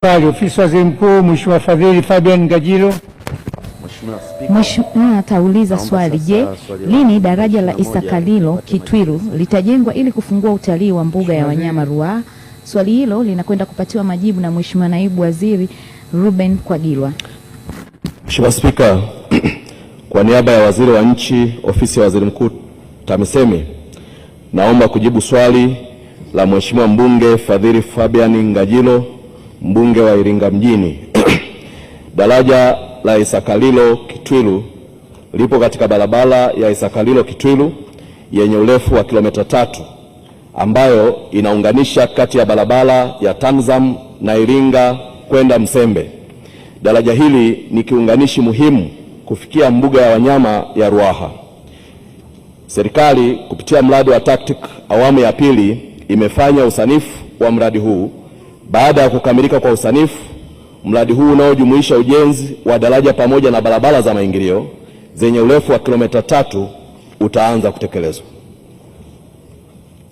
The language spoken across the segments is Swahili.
Pali, ofisi waziri mkuu Mheshimiwa Fadhili Fabian Ngajilo. Mheshimiwa atauliza swali. Je, lini daraja la Isakalilo Kitwiru litajengwa ili kufungua utalii wa mbuga ya wanyama Ruaha? Swali hilo linakwenda kupatiwa majibu na Mheshimiwa naibu waziri Ruben Kwagilwa. Mheshimiwa Spika, kwa niaba ya waziri wa nchi ofisi ya waziri mkuu TAMISEMI, naomba kujibu swali la Mheshimiwa mbunge Fadhili Fabian Ngajilo mbunge wa Iringa mjini daraja la Isakalilo Kitwilu lipo katika barabara ya Isakalilo Kitwilu yenye urefu wa kilomita tatu ambayo inaunganisha kati ya barabara ya Tanzam na Iringa kwenda Msembe. Daraja hili ni kiunganishi muhimu kufikia mbuga ya wanyama ya Ruaha. Serikali kupitia mradi wa TACTIC awamu ya pili imefanya usanifu wa mradi huu baada ya kukamilika kwa usanifu, mradi huu unaojumuisha ujenzi wa daraja pamoja na barabara za maingilio zenye urefu wa kilomita tatu utaanza kutekelezwa.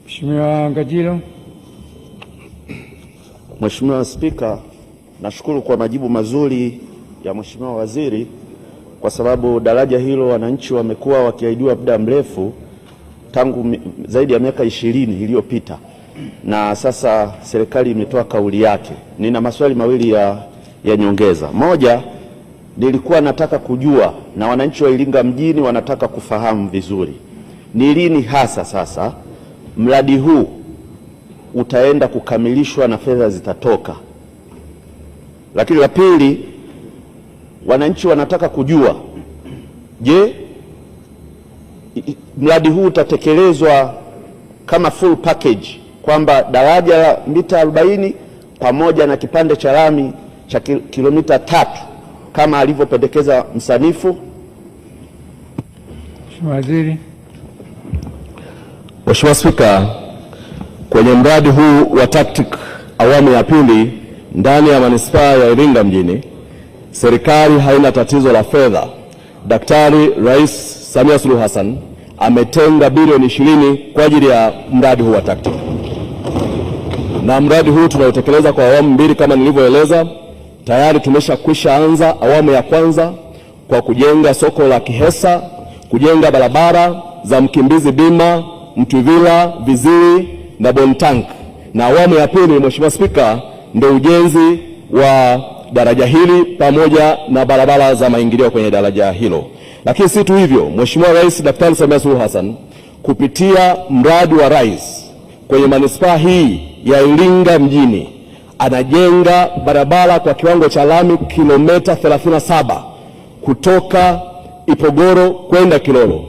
Mheshimiwa Ngajilo. Mheshimiwa Spika, nashukuru kwa majibu mazuri ya Mheshimiwa Waziri kwa sababu daraja hilo wananchi wamekuwa wakiahidiwa muda mrefu tangu zaidi ya miaka ishirini iliyopita na sasa serikali imetoa kauli yake. Nina maswali mawili ya, ya nyongeza. Moja, nilikuwa nataka kujua na wananchi wa Iringa mjini wanataka kufahamu vizuri ni lini hasa sasa mradi huu utaenda kukamilishwa na fedha zitatoka. Lakini la pili, wananchi wanataka kujua, je, mradi huu utatekelezwa kama full package kwamba daraja la mita 40 pamoja na kipande cha lami cha kilomita tatu kama alivyopendekeza msanifu. Mheshimiwa Waziri. Mheshimiwa Spika, kwenye mradi huu wa TACTIC awamu ya pili ndani ya manispaa ya Iringa mjini, serikali haina tatizo la fedha. Daktari Rais Samia Suluhu Hassan ametenga bilioni ishirini kwa ajili ya mradi huu wa TACTIC na mradi huu tunaotekeleza kwa awamu mbili kama nilivyoeleza. Tayari tumeshakwisha anza awamu ya kwanza kwa kujenga soko la Kihesa, kujenga barabara za Mkimbizi, Bima, Mtuvila, Viziri na Bontank, na awamu ya pili, Mheshimiwa Spika, ndio ujenzi wa daraja hili pamoja na barabara za maingilio kwenye daraja hilo. Lakini si tu hivyo, Mheshimiwa Rais Daktari Samia Suluhu Hassan kupitia mradi wa rais kwenye manispaa hii ya Iringa mjini anajenga barabara kwa kiwango cha lami kilomita 37 kutoka Ipogoro kwenda Kilolo.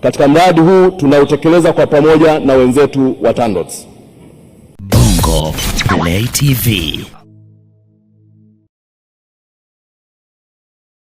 Katika mradi huu tunautekeleza kwa pamoja na wenzetu wa TANROADS. Bongo Play TV.